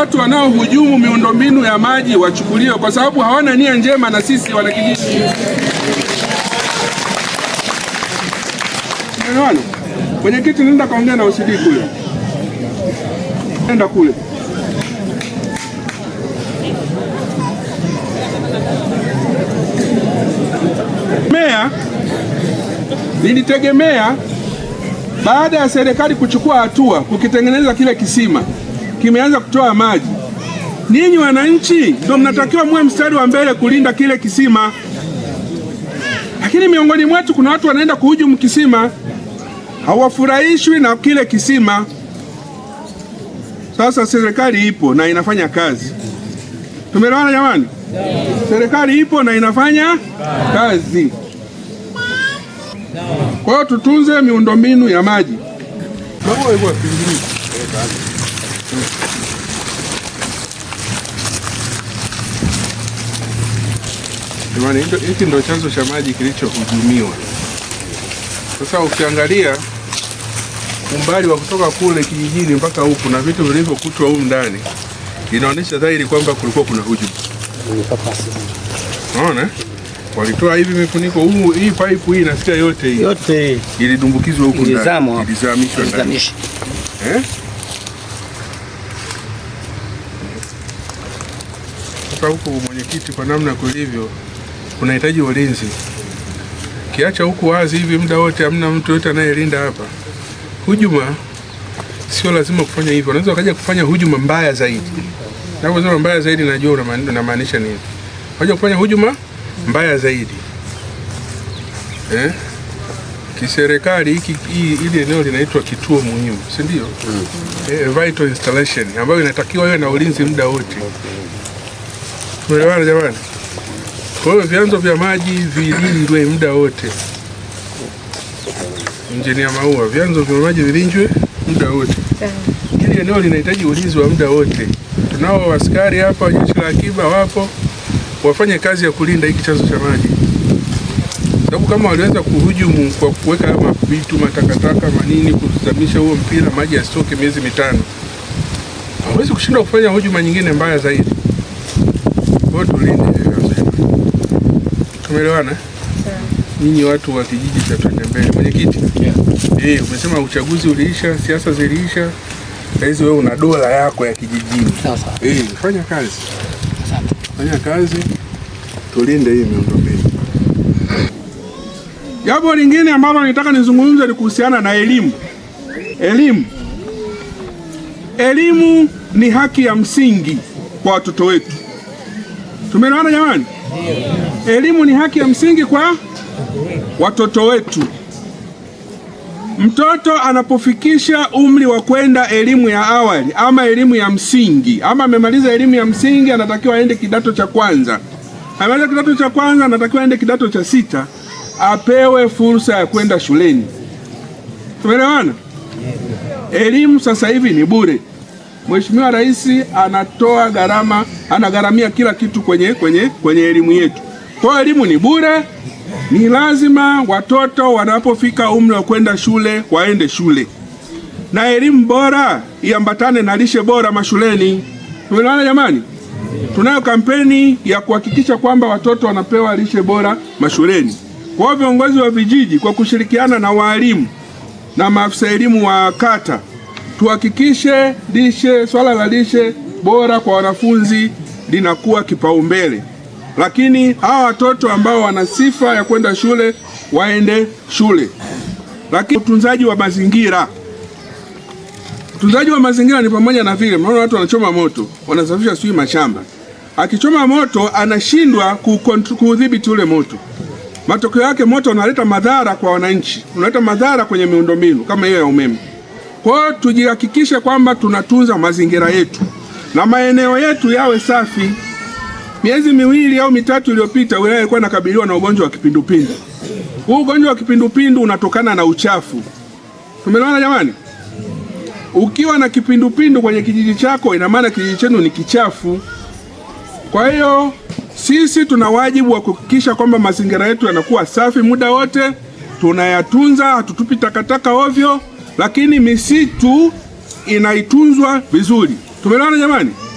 watu wanaohujumu miundombinu ya maji wachukuliwe, kwa sababu hawana nia njema na sisi wanakijiji. Mwenyekiti, nenda kaongea na OCD kule, nenda kule. Mea nilitegemea baada ya serikali kuchukua hatua kukitengeneza kile kisima kimeanza kutoa maji. Ninyi wananchi ndio mnatakiwa muwe mstari wa mbele kulinda kile kisima, lakini miongoni mwetu kuna watu wanaenda kuhujumu kisima, hawafurahishwi na kile kisima. Sasa serikali ipo na inafanya kazi, tumeelewana jamani? Serikali ipo na inafanya kazi. Kwa hiyo tutunze miundombinu ya maji. Jamani, hiki ndo chanzo cha maji kilichohujumiwa. Sasa ukiangalia umbali wa kutoka kule kijijini mpaka huku na vitu vilivyokutwa huko ndani, inaonyesha dhahiri kwamba kulikuwa kuna hujumu. Unaona? Walitoa hivi mifuniko huu, hii pipe hii nasikia yote hii. Yote hii ilidumbukizwa huko ndani. Ilizamishwa ndani. Eh? kutoka huku mwenyekiti, kwa namna kulivyo, kunahitaji ulinzi. Kiacha huku wazi hivi muda wote, hamna mtu yote anayelinda hapa. Hujuma sio lazima kufanya hivyo, unaweza ukaja kufanya hujuma mbaya zaidi. Naposema mbaya zaidi, najua unamaanisha nini. Unaja kufanya hujuma mbaya zaidi eh? Kiserikali hiki hili eneo linaitwa kituo muhimu, si ndio? Mm. E, vital installation ambayo inatakiwa iwe na ulinzi muda wote. Tumeelewana jamani? Kwa hiyo vyanzo vya maji vilindwe muda wote. Injinia Maua, vyanzo vya maji vilinjwe muda wote. Hili eneo linahitaji ulinzi wa muda wote. Tunao askari hapa, wa jeshi la akiba wapo, wafanye kazi ya kulinda hiki chanzo cha maji, sababu kama waliweza kuhujumu kwa kuweka kama vitu matakataka manini, kuzamisha huo mpira, maji yasitoke miezi mitano, hawezi kushindwa kufanya hujuma nyingine mbaya zaidi. Kwa tulinde leo. Tumeelewana? Ninyi watu wa kijiji cha Twende Mbele, mwenyekiti. Yeah. Eh, umesema uchaguzi uliisha, siasa ziliisha. Saizi wewe una dola yako ya kijijini. Sasa. Eh, fanya kazi. Fanya kazi. Tulinde hii miundombinu. Jambo lingine ambalo nitaka nizungumze ni kuhusiana na elimu. Elimu. Elimu ni haki ya msingi kwa watoto wetu. Tumeelewana jamani? Elimu ni haki ya msingi kwa watoto wetu. Mtoto anapofikisha umri wa kwenda elimu ya awali ama elimu ya msingi ama amemaliza elimu ya msingi, anatakiwa aende kidato cha kwanza. Amemaliza kidato cha kwanza, anatakiwa aende kidato cha sita, apewe fursa ya kwenda shuleni. Tumeelewana? Elimu sasa hivi ni bure. Mheshimiwa Rais anatoa gharama, anagharamia kila kitu kwenye kwenye kwenye elimu yetu. Kwa hiyo elimu ni bure, ni lazima watoto wanapofika umri wa kwenda shule waende shule, na elimu bora iambatane na lishe bora mashuleni. Tumeelewana jamani? Tunayo kampeni ya kuhakikisha kwamba watoto wanapewa lishe bora mashuleni. Kwa viongozi wa vijiji kwa kushirikiana na waalimu na maafisa elimu wa kata tuhakikishe lishe, swala la lishe bora kwa wanafunzi linakuwa kipaumbele, lakini hawa watoto ambao wana sifa ya kwenda shule waende shule. Lakini utunzaji wa mazingira, utunzaji wa mazingira ni pamoja na vile, maana watu wanachoma moto, wanasafisha sijui mashamba, akichoma moto anashindwa kuudhibiti ule moto matokeo yake moto unaleta madhara kwa wananchi, unaleta madhara kwenye miundombinu kama hiyo ya umeme. Kwa hiyo tujihakikishe kwamba tunatunza mazingira yetu na maeneo yetu yawe safi. Miezi miwili au mitatu iliyopita, wilaya ilikuwa inakabiliwa na ugonjwa wa kipindupindu. Huu ugonjwa wa kipindupindu unatokana na uchafu. Tumeelewana jamani? Ukiwa na kipindupindu kwenye kijiji chako, ina maana kijiji chenu ni kichafu. Kwa hiyo sisi tuna wajibu wa kuhakikisha kwamba mazingira yetu yanakuwa safi muda wote, tunayatunza, hatutupi takataka ovyo lakini misitu inaitunzwa vizuri. Tumeelewana jamani?